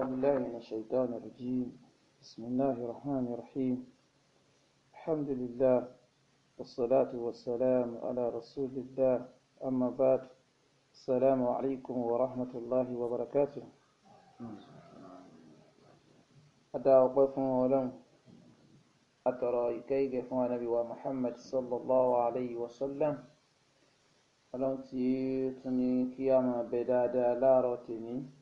أعوذ بالله من الشيطان الرجيم بسم الله الرحمن الرحيم الحمد لله والصلاة والسلام على رسول الله أما بعد السلام عليكم ورحمة الله وبركاته أدعى وقفهم ولم أترى إكيك نبي ومحمد صلى الله عليه وسلم ولم تيتني كياما بدادا لا روتيني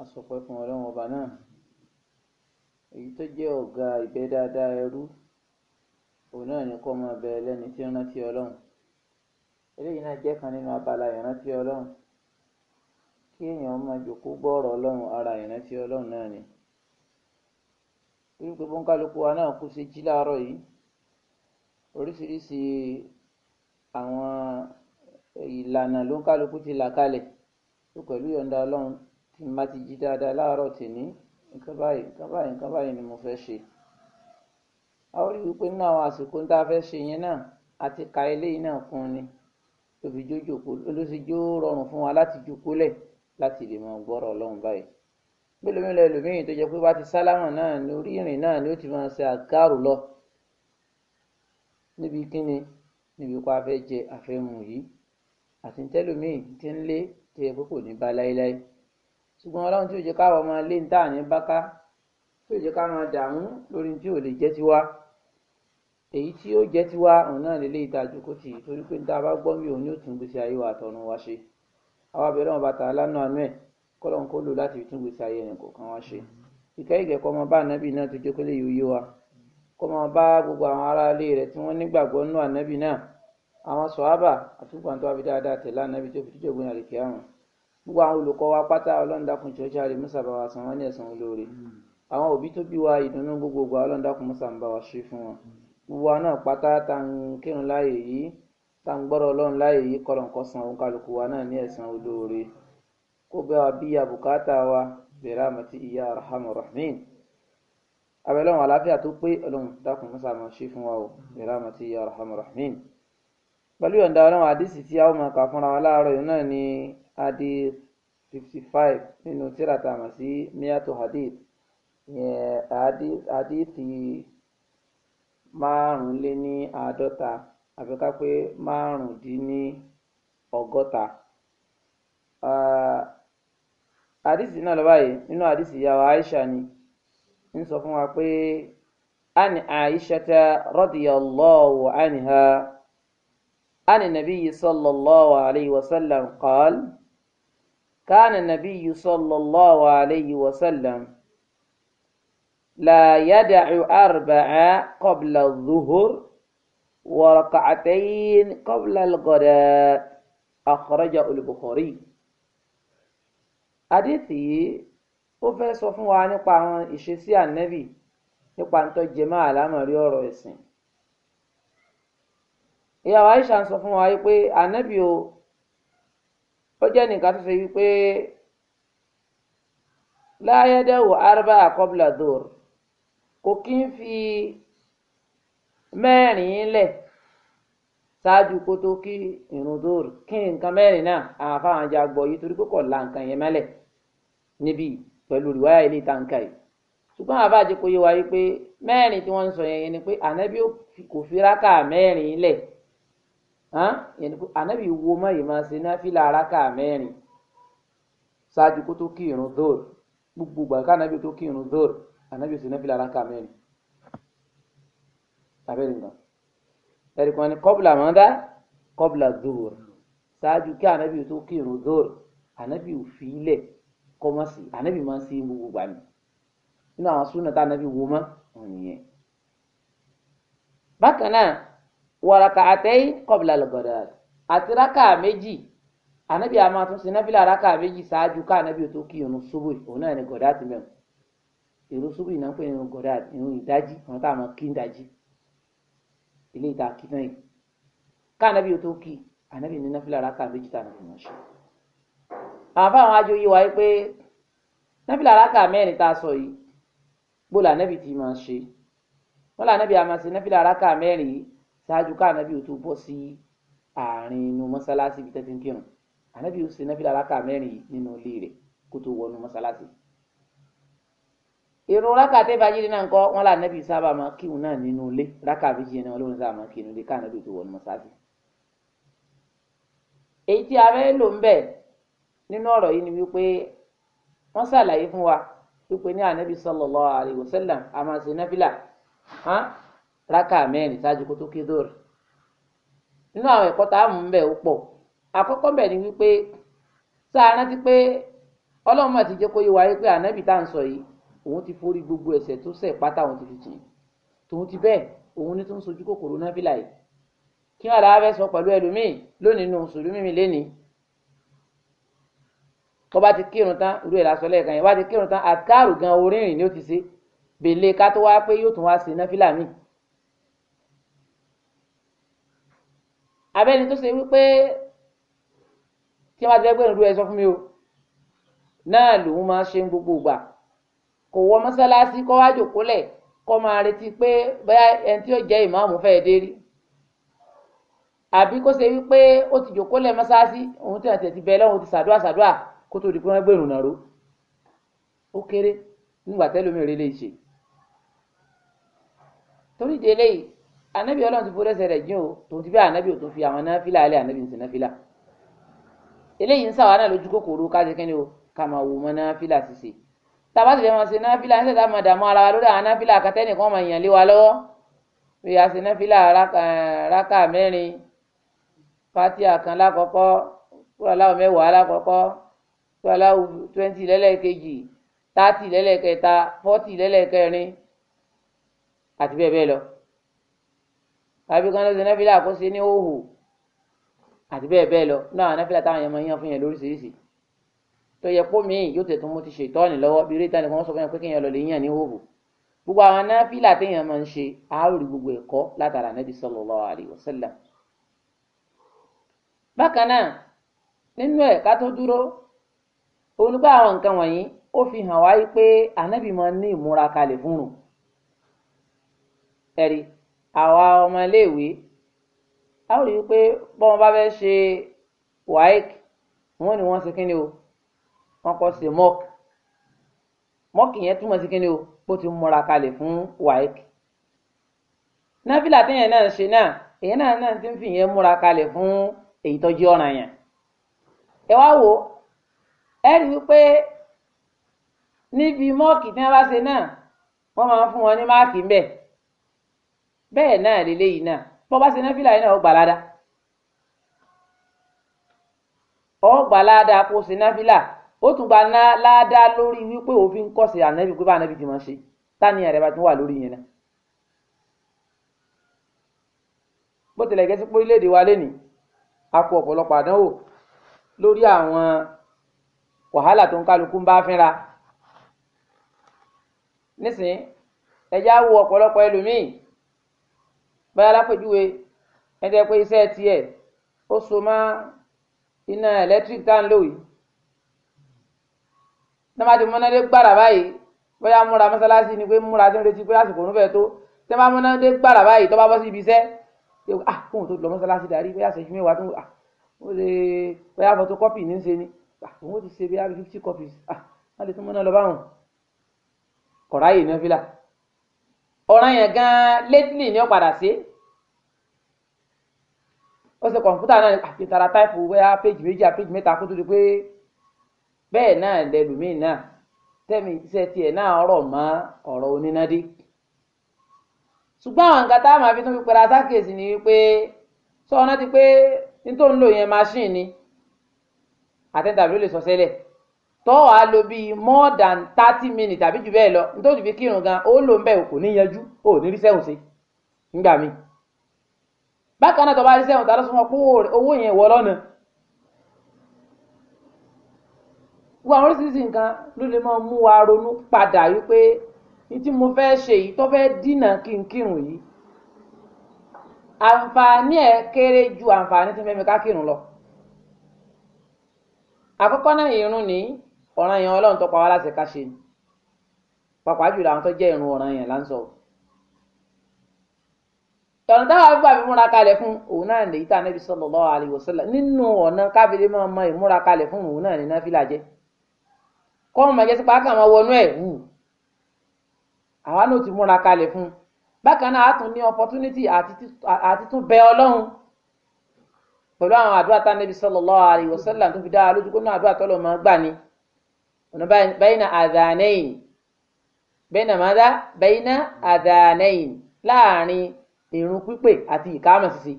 a sọpẹ́ fún ọlọ́run ọba náà èyí tó jẹ́ ọ̀gá ìbẹ́ dáadáa ẹrú òun náà ni kó máa bẹ lẹ́ni tí ń rántí ọlọ́run eléyìí náà jẹ́ kan nínú abala ìrántí ọlọ́run kí èèyàn máa jòkó gbọ́ọ̀rọ̀ ọlọ́run ara ìrántí ọlọ́run náà ni irú gbogbo wa náà kú sí jí láàárọ̀ yìí oríṣiríṣi àwọn ìlànà ló ń kálukú ti là kalẹ̀ pẹ̀lú yọ̀ǹda ọlọ́run tí n bá ti jí dáadáa láàárọ̀ tèmi nǹkan báyìí nǹkan báyìí nǹkan báyìí ni mo fẹ́ ṣe a ó rí i pé nínú àwọn àsìkò tá a fẹ́ ṣe yẹn náà a ti ka eléyìí náà kún ni tóbi jójòkó olóṣèjó rọrùn fún wa láti jókòólẹ̀ láti lè mọ gbọ́rọ̀ ọlọ́run báyìí mélòó mélòó ẹlòmíín tó jẹ pé bá ti sálámà náà ní orí ìrìn náà ni ó ti máa ṣe àgárò lọ níbi kíni níbi pa afẹ́ jẹ afẹ́ yìí àti ti ń lé tó yẹ pé kò ní bá láéláé ṣùgbọ́n ọlọ́run tí ò jẹ́ káwọ́ máa lé níta àní báká tí ò jẹ́ ká máa dààmú lórí tí ò lè jẹ́ tiwa èyí tí ó jẹ́ tiwa òun náà lélẹ́yìí tá a jókòó tì í torí pé níta bá gbọ́ mi òun ní òtún gbèsè ayé wa àtọ̀run wa ṣe àwa bẹ̀rẹ̀ wọn bàtà lánàá àánú ẹ̀ kọ́lọ́n kó lò láti tún gbèsè ayé ẹnì kọ̀ọ̀kan wa ṣe ìkẹ́ ìgẹ̀kọ́ ọmọ bá ànábì náà tó jókòó lè yòóyé wa kó máa bá gbogbo àwọn aráalé rẹ̀ tí wọ́n nígbàgbọ́ nínú ànábì náà àwọn sọ̀hábà àtúgbàntọ́ àfi dáadáa tẹ̀lé ànábì tó fi díjọ́gbìn àlèkè àrùn gbogbo àwọn olùkọ́ wa pátá ọlọ́run dákun jọ̀ọ́ jàre musa bá wa san wọ́n ní ẹ̀san olóore hmm. àwọn òbí tó bí wa ìdùnnú gbogbogbò ọlọ́run dákun musa ń bá wa ṣe fún wọn hmm. gbogbo wa náà pátá tá ń kírun láàyè yìí tá ń gbọ́rọ̀ ọlọ́run láàyè yìí kọ́lọ̀ nǹkan san òun kálukú wa náà ní ẹ̀san olóore kó bá wa bí àbùkátà wa bẹ̀rẹ̀ àmọ́tí ìyá arhamar rahimin abẹ́lẹ́wọ̀n àlàáfíà tó pé ọlọ́run hadith fifty five nínú tírà tá a mọ̀ sí miato hadith ìyẹn hadithi márùnléní àádọ́ta àfi ká pé márùndínní ọgọ́ta hadithi náà lọ báyìí nínú hadithi ìyàwó Aisha ni ń sọ fún wa pé ani Aishata radiyallahu anha ani nabiyyi sallallahu alayhi wa sallam qaal. كان النبي صلى الله عليه وسلم لا يدع أربعة قبل الظهر وركعتين قبل الغداء أخرجه البخاري àdìsí ó fẹ́ sọ fún wa nípa àwọn ìṣesí ànẹ́bì nípa tó jẹ mọ́ àlámọ̀rí ọ̀rọ̀ ẹ̀sìn ìyàwó Aisha ń sọ fún wa pé ànẹ́bì o ó jẹ́ nìkan tó ṣe wípé láyédèwò arba àkọ́bùlà dòr kò kí ń fi mẹ́rin lẹ̀ ṣáájú kó tó kí irun dòr kí nǹkan mẹ́rin náà àfáwọn ajá gbọ́ yìí torí kókò la nǹkan yẹn mẹ́lẹ̀ níbí pẹ̀lú ìwáyà ilé ìtànkà yìí ṣùgbọ́n àbájẹ́ kò yé wa yìí pé mẹ́rin tí wọ́n ń sọ yẹn ni pé ànábì kò fi rákà mẹ́rin lẹ̀ ànábì wo mọ́ ìmọ̀ ṣe náfìlà aráka mẹ́rin ṣáájú kó tó kí irun dóòrè gbogbo ìgbà ká ànábì tó kí irun dóòrè ànábì na fila aráka mẹ́rin abẹ́rẹ́ nǹkan ẹ̀rì kan ní kọ́bùlà mọ́dá kọ́bùlà dóòrè ṣáájú kí ànábì tó kí irun dóòrè ànábì ò fi ilẹ̀ kọ́mọ́sì ànábì máa ń ṣe gbogbo ìgbà ni nínú àwọn súnà tá ànábì wo mọ́ òun nìyẹn bákan náà wàràkà àtẹyí kọbìlà lọgọdà àti rákà méjì ànábì àmà tún sin náfìlà rákà méjì ṣáájú ká ànábì tó kí irun ṣubú òun náà ní gọdà ti mẹun irun ṣubú ìnáwó pé irun gọdà irun ìdájí àwọn táwọn kí ń dájí ilé ìta kí náà yìí ká ànábì tó kí ànábì ní náfìlà rákà méjì tá ànábì wọn ṣe àwọn fáwọn ajo yìí wáyé pé náfìlà rákà mẹ́rin tá a sọ yìí gbọ́dọ̀ ànábì ti máa ṣe wọ́n lànàbì àmà sin náfìlà rákà mẹ́rin yìí ṣáájú ká ànábì ò tó bọ́ sí àárín inú mọ́ṣáláṣí ibi tẹ́tí ń kírun ànábì ò ṣe náfìlà rákà mẹ́rin nínú ilé rẹ̀ kó tó wọnú mọ́ṣáláṣí. ìrun rákà tẹ́ fàájì náà ńkọ́ wọn là ànábì sábà máa kírun náà nínú ilé rákà méjì yẹn lóun sábà máa kírun ilé ká ànábì ò tó wọnú mọ́ṣáláṣí. èyí tí a fẹ́ lò ń bẹ̀ nínú ọ̀rọ̀ yìí ni wípé wọ́n ṣàlàyé fún wa wípé ní ànábì sallallahu alaihi wasallam a máa ṣe rákà mẹ́rin ṣáájú kó tó kí dóòrè nínú àwọn ẹ̀kọ́ tá a mú bẹ ó pọ̀ àkọ́kọ́ bẹ ni wípé sáà rántí pé Ọlọ́run mà ti jẹ́ kó yé wa wípé ànábì tá à ń sọ yìí òun ti forí gbogbo ẹ̀ṣẹ̀ tó ṣẹ̀ pátá òun ti fi jìn tòun ti bẹ́ẹ̀ òun ní tó ń sojú kòkòrò náfìlà yìí kí wọn làá fẹ́ sọ pẹ̀lú ẹlòmíì lónìí nù sùlùmí mi lénìí tó bá ti kírun tán irú ẹ̀ lásán lẹ́ẹ̀kan yẹn bá ti kírun tán àkàrù gan orírìn ni ó ti ṣe bèlè ká tó wá pé yóò tún wá ṣe náfìlà míì abẹ́ni tó ṣe wípé tí wọ́n bá ti fẹ́ gbẹ̀rún dúró ẹ sọ fún mi o náà lòun máa ṣe ń gbogbo ìgbà kò wọ mọ́sálásí kó wá jòkólẹ̀ kó máa retí pé bóyá ẹni tí ó jẹ́ ìmáàmù fẹ́ dé rí àbí kó ṣe wípé ó ti jòkólẹ̀ mọ́sálásí òun tí wọ́n ti bẹ̀ lọ́wọ́ ti ṣàdúrà ṣàdúrà kó tó di pé wọ́n gbẹ̀rún náà ó kéré nígbà tẹ́lómi ò lè ṣe torí ìdí eléyìí ànábì ọlọ́run ti fọdẹ́sẹ̀ rẹ̀ jìn o tòun ti fẹ́ ànábì ò tó fi àwọn náfìlà alẹ́ ànábì nsìn náfìlà eléyìí ń sàwọn náà lójú kòkòrò káṣe kẹ́ni o ká máa wò mọ́ náfìlà ṣiṣẹ́ tàbá sì fẹ́ máa ṣe náfìlà ń ṣẹ̀dá máa dààmú ara wa lórí àwọn náfìlà akatẹ́nì kan máa yàn lé wa lọ́wọ́ bí a ṣe náfìlà rákà mẹ́rin fatia kan lákọ̀ọ́kọ́ kúrò aláwọ̀ mẹ́wàá lákọ̀ọ́kọ́ twenty lẹ́lẹ́kejì thirty lẹ́lẹ́kẹta forty lẹ́lẹ́kẹrin àti bẹ́ẹ̀ bẹ́ẹ̀ lọ àbí kan ló ṣe náfìlà kó ṣe ní òhù àti bẹ́ẹ̀ bẹ́ẹ̀ lọ náà náfìlà táwọn yẹn máa yàn fún yẹn lóríṣiríṣi tó yẹ pọ́ mi yóò tẹ̀ tún mú ti ṣètọ́ọ̀nì lọ́wọ́ bí rétà nìkan sọ fún yẹn pé kéèyàn lọ lè yàn ní òhù gbogbo àwọn náfìlà téèyàn máa ń ṣe àárí gbogbo ẹ̀kọ́ látara nàbì sallallahu alaihi wasallam bákan náà nínú ẹ̀ ká tó dúró onígbà àwọn nǹkan wọ̀nyí ó fi hàn wáyé pé ànábì máa ń ní ìmúra kalẹ̀ fún àwa ọmọléèwé a ó rí i pé bọ́n bá fẹ́ ṣe waec wọn ni wọ́n ṣe kí ni o wọ́n kọ́ ṣe mock mock yẹn túmọ̀ sí kí ni o ó ti múra kalẹ̀ fún waec náfìlà téèyàn náà ṣe náà èyàn náà náà ti ń fi yẹn múra kalẹ̀ fún èyí tọ́jú ọ̀ràn yẹn ẹ wá wò ẹ rí i pé níbi mọ́ọ̀kì tí wọ́n bá ṣe náà wọ́n máa ń fún wọn ní máàkì ń bẹ̀ bẹ́ẹ̀ náà lélẹyìí náà bó bá ṣe náfìlà yìí náà ó gbà ládá ó gbà ládá kó ṣe náfìlà ó tún gbà ládá lórí wípé òfin kọsẹ ànábì pé bá ànábì ti máa ṣe tani àrẹ bá tún wà lórí yẹn náà bó tilẹ̀ gẹ́sí pé orílẹ̀-èdè wa lénìí a kó ọ̀pọ̀lọpọ̀ àdánwò lórí àwọn wàhálà tó ń kálukú ń bá fínra nísìnyí ẹ̀yà wo ọ̀pọ̀lọpọ̀ ẹlòmíì báyà lápèjúwe ẹni tẹ́ pé iṣẹ́ tiẹ̀ ó so mọ́ iná ẹ̀lẹ́tíríkì tan à ń lò yìí tẹ́lá ti múná dé gbàrà báyìí bóyá múra mọ́sálásí ni pé múra tí ń retí pé àsìkò òun fẹ́ tó tẹ́lá múná dé gbàrà báyìí tó bá bọ́ sí ibi iṣẹ́ ṣe ah kóun tó lọ mọ́sálásí darí bóyá ṣèṣin mẹ́wàá tó ah ó lè bóyá photocopy ní í ṣe ni ah òun ó ti ṣe bí i fifty copies ah wọ́n lè tún múná lọ báwọn kọ̀ráyè náà fi ọ̀ràn yẹn gan lately ni ó padà sí ó ṣe kọ̀ǹpútà náà àti tara táìpù wẹ́ẹ́ péjì méjì péjì mẹ́ta kó tó di pé bẹ́ẹ̀ náà lẹ́lòmíì náà tẹ́mi iṣẹ́ tiẹ̀ náà ọ̀rọ̀ mọ́ ọ̀rọ̀ onínádé ṣùgbọ́n àwọn nǹkan tá a máa fi tún fi pẹ̀lú àtàkèsí ni wípé sọ ọ́nà ti pé nítorí ń lò yẹn máṣíìnì sọ sẹ́lẹ̀. tó a lo bíi more than thirty minutes àbí jù bẹ́ẹ̀ lọ nítorí fi kírun gan ó lò ń bẹ̀ kò ní yanjú ò ní rí sẹ́wọ̀n ṣe nígbà míì bákan náà bá rí sẹ́wọ̀n tá lọ sọ fún ọ owó yẹn wọ lọ́nà wọ àwọn oríṣiríṣi nǹkan ló lè máa mú wa ronú padà ní tí mo fẹ́ ṣe yìí tó fẹ́ dínà lọ àkọ́kọ́ náà nìyí. ọ̀ràn yẹn ọlọ́run tó pa wá láti ká ṣe ni pàpà jùlọ àwọn tó jẹ́ ìrun ọ̀ràn yẹn là ń sọ. tọ̀nà táwọn àgbà fi múra kalẹ̀ fún òun náà lèyí tá anábì sallallahu alaihi wasallam nínú ọ̀nà káfíńdé máa mọ ìmúra kalẹ̀ fún òun náà ní náfìlà jẹ́ kọ́ọ̀mù màjẹ́ sí pàákà máa wọnú ẹ̀ wù àwa náà ti múra kalẹ̀ fún bákan náà a ní opportunity àti tún bẹ ọlọ́run pẹ̀lú àwọn àdúrà tá anábì sallallahu alaihi wasallam tó fi dá lójú kó náà àdúrà tọ́lọ̀ máa gbà ni ọ̀nà bẹ́yìnà àdánẹ́yìn bẹ́yìnà mọ́dá bẹ́yìnà àdánẹ́yìn láàrin ìrun pípè àti ìkáàmọ̀ ṣíṣe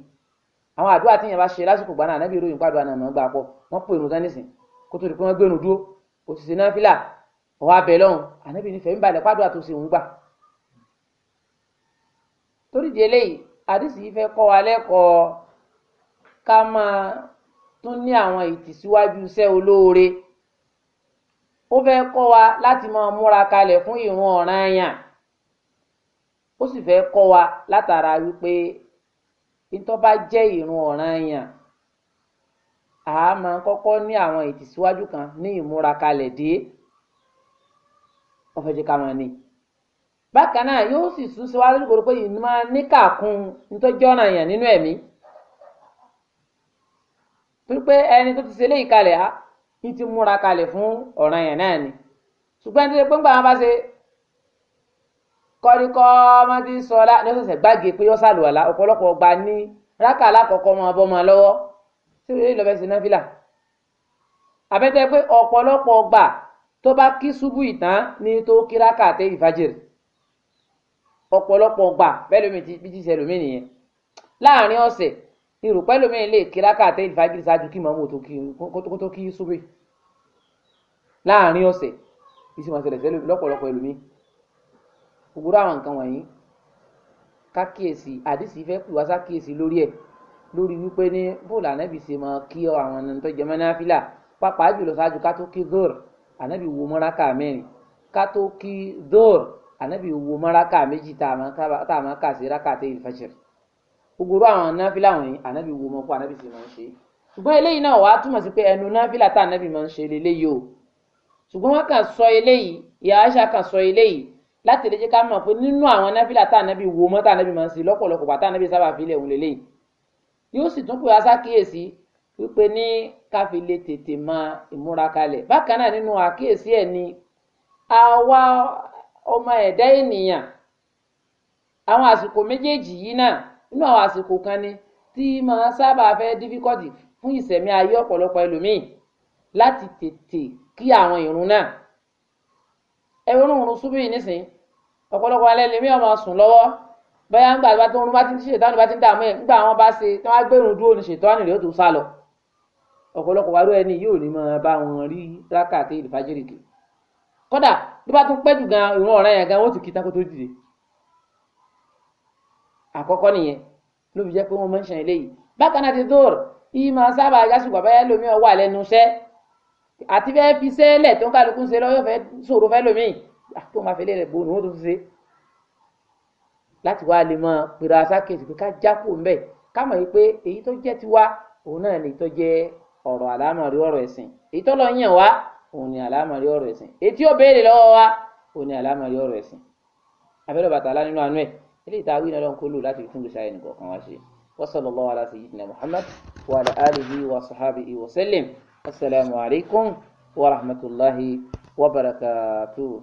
àwọn àdúrà tí yẹn bá ṣe lásìkò gbaná ànábì ìròyìn pàdùn àná gbà pọ̀ wọ́n pè ìrun tán nísìn kó tó di pé wọ́n gbé ìrun dúró kò sì ṣe náfìlà ọ̀wọ́ abẹ lọ́hùn ànábì nífẹ̀ẹ́ ń balẹ̀ pàdùn àtúnṣe òun gbà. torí di eléyìí àdìsí yìí fẹ́ kọ́ wa lẹ́kọ̀ọ́ ká máa tún ní àwọn ìtìsíwájú iṣẹ́ olóore ó fẹ́ kọ́ wa láti máa múra kalẹ̀ fún ìrun ya ó sì fẹ́ kọ́ wa látara wípé ìtọ́ bá jẹ́ ya a máa kọ́kọ́ ní àwọn ìtìsíwájú kan ní ìmúra kalẹ̀ dé ọ̀fẹ́ jẹ́ ká máa ní bákan náà yóò sì sún pé ìlú máa ní kàkún nínú ẹ̀mí ẹni ní ti múra kalẹ̀ fún ọ̀ràn yẹn náà ni ṣùgbọ́n tí pé ńgbà wọn bá ṣe kọ́ríkọ́ mọ́tí sọlá ní ọ̀sẹ̀ gbàgé pé ó ṣàlùwàlá ọ̀pọ̀lọpọ̀ gba ní rákà alákọ̀ọ́kọ́ máa bọ́ máa lọ́wọ́ tí ó lọ fẹ́ ṣe náfìlà àbẹ́tẹ́ pé ọ̀pọ̀lọpọ̀ gbà tó bá kí ṣubú ìtàn ní tó kí rákà àtẹ ìfàjẹrì ọ̀pọ̀lọpọ̀ gbà bẹ́ẹ̀ lómi ti bí ti ṣẹlòmí nìyẹn láàrin ọ̀sẹ̀ irú pẹ́ lómi lè kí rákàtẹ́ ìfàgìrì ṣáájú kí màmú kó tó kí súbì láàrin ọ̀sẹ̀ ìsìn wọn ṣẹlẹ̀ sẹ́lẹ̀ lọ́pọ̀lọpọ̀ ẹlòmíì gbogbo àwọn nǹkan wọ̀nyí kákíyèsí àdìsí fẹ́ pè wá sákíyèsí lórí ẹ̀ lórí wípé ní bóòlù ànábì ṣe máa kí àwọn ẹni tó jẹ mọ́ náfìlà pàápàá jùlọ ṣáájú ká tó kí dóòr ànábì wo mọ́ráká mẹ́rin ká tó kí dóòr ànábì wo mọ́ráká méjì tá a máa kà sí rákàtẹ́ ìfàṣẹ̀rẹ̀ gbogbo àwọn náfìlà wọ̀nyí ànábì wo mọ́ fún ànábì sì máa ń ṣe ṣùgbọ́n eléyìí náà wàá túmọ̀ sí pé ẹnu náfìlà tá ànábì máa ń ṣe lélẹ́yìí o ṣùgbọ́n wọ́n kàn sọ eléyìí ìyá aṣa kàn sọ eléyìí láti lè jẹ́ ká mọ̀ pé nínú àwọn náfìlà tá ànábì wo mọ́ tá ànábì máa ń ṣe lọ́pọ̀lọpọ̀ bàtà ànábì sábà filẹ̀ òun lélẹ́yìí yóò sì tún pé aṣàkíyèsí wípé ní káfí lè tètè máa ìmúra kalẹ̀ bákan náà nínú àkíyèsí ni àwa ọmọ ẹ̀dá ènìyàn àwọn àsìkò méjèèjì yìí náà nínú àwọn àsìkò kan ni tí máa sábà fẹ́ dífíkọ́tì fún ìṣẹ̀mí ayé ọ̀pọ̀lọpọ̀ ẹlòmíín láti tètè kí àwọn ìrun náà ẹ ronú ìrun ṣubú yìí nísìn ọ̀pọ̀lọpọ̀ alẹ́ lèmi ọmọ sùn lọ́wọ́ bóyá ńgbà bá tó ń rún bá ti ń ṣètọ́nù bá ti ń dààmú ẹ̀ ńgbà wọn bá ṣe tí wọ́n á gbẹ̀rún dúró ní ṣètọ́nù rẹ̀ ó tún sá lọ ọ̀pọ̀lọpọ̀ wàrú ẹni yóò ní máa bá wọn rí rákàtí ìlú fájírì kì kódà bí bá tún pẹ́ jù gan ìrun ọ̀ràn yẹn gan wọ́n ti kí tákó tó dìde àkọ́kọ́ nìyẹn ló fi jẹ́ pé wọ́n máa ń ṣàn eléyìí bákan náà ti dóòr yìí máa sábà yásùgbà báyà lómi ọwọ́ àlẹ́ nu iṣẹ́ àti fẹ́ fi sẹ́lẹ̀ tó ń kálukú ṣe lọ́wọ́ fẹ́ sòro fẹ́ lómi àti ah, wọn máa fi lélẹ̀ bòónù wọn tó ṣe láti wá lè mọ pèrè asákèsì pé ká jápò ńbẹ ká mọ̀ pé èyí tó jẹ́ tiwa òun náà lè tó jẹ́ ọ̀rọ̀ àlámọ̀rí ọ̀rọ̀ ẹ̀sìn èyí tó lọ yàn wá òun ni àlámọ̀rí ọ̀rọ̀ ẹ̀sìn èyí tí ó béèrè lọ́wọ́ wa òun ni àlámọ̀rí ọ̀rọ̀ ẹ̀sìn abẹ́rẹ́ bàtà alá nínú àánú ẹ̀ eléyìí tá a wí náà lọ́nkọ́ lò láti fún gbèsè àyẹ̀nì kọ̀ọ̀kan wá ṣe wa sallallahu ala sayyidina muhammad wa ala alihi wa sahabihi wa sallim wa rahmatulahi wa barakatuh.